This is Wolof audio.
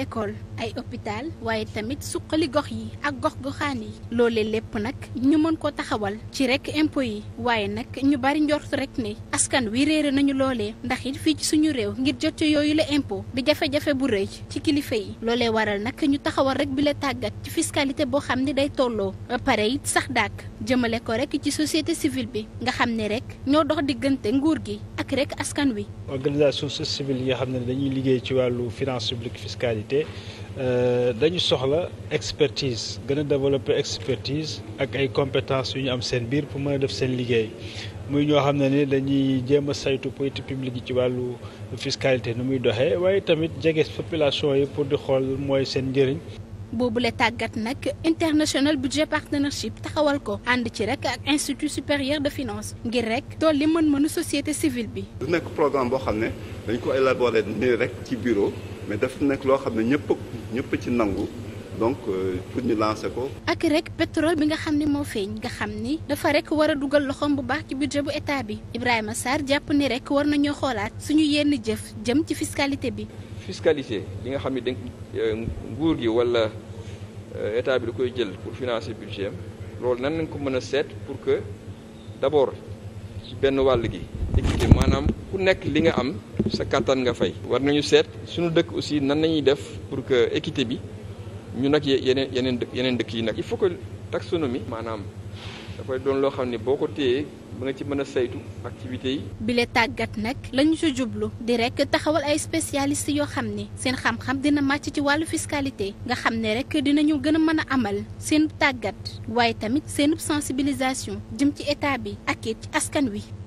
l'école ay hôpital waaye tamit suqali gox yi ak gox-goxaan yi loole lépp nag ñu mën koo taxawal ci rek impôt yi waaye nag ñu bari njort rek ni askan wi réere nañu loolee ndax it fii ci suñu réew ngir jot ci yooyu la impôt di jafe-jafe bu rëy ci kilifa yi loolee waral nag ñu taxawal rek bi la tàggat ci fiscalité boo xam ni day tolloo pare it sax dàkk jëmale ko rek ci société civile bi nga xam ne rek ñoo dox diggante nguur gi nekk rek askan wi. organisation société civile yi nga xam ne dañuy liggéey ci wàllu finance publique fiscalité euh, dañu soxla expertise gën a développer expertise ak ay compétence yu ñu am seen biir pour mën a def seen liggéey muy ñoo xam ne ni dañuy jéem a saytu politique publique yi ci wàllu fiscalité nu muy doxee waaye tamit jege population yi pour di xool mooy seen njëriñ. boobu boobule tàggat nag international budget partnership taxawal ko ànd ci rek ak institut supérieur de finance ngir rek dolli mën-mënu société civile bi. du nekk programme boo xam ne dañ ko élaborer nii rek ci bureau mais daf nekk loo xam ne ñëpp ñëpp ci nangu. donc euh, pour ñu lancer ko. ak rek pétrole bi nga xam ni moo feeñ nga xam ni dafa rek war a dugal loxoom bu baax ci budget bu état bi Ibrahima Sarr jàpp ni rek war nañoo xoolaat suñu yenn jëf jëm ci fiscalité bi. fiscalité li nga xam ne da euh, nguur gi wala euh, état bi da koy jël pour financer budget am loolu nan nañ ko mën a seet pour que d'abord ci benn wàll gi équité maanaam ku nekk li nga am sa kàttan nga fay war nañu seet suñu dëkk aussi nan nañuy def pour que équité bi ñu nag yeneen yeneen yeneen dëkk yi nag il faut que maanaam dafay doon loo xam ne boo ko téyee ba nga ci mën saytu activité yi. bile tàggat nag lañu ci jublu di rekk taxawal ay spécialistes yoo xam ne seen xam-xam dina màcc ci wàllu fiscalité nga xam ne rek dinañu gën a mën a amal seen tàggat waaye tamit seen sensibilisation jëm ci état bi ak ci askan wi.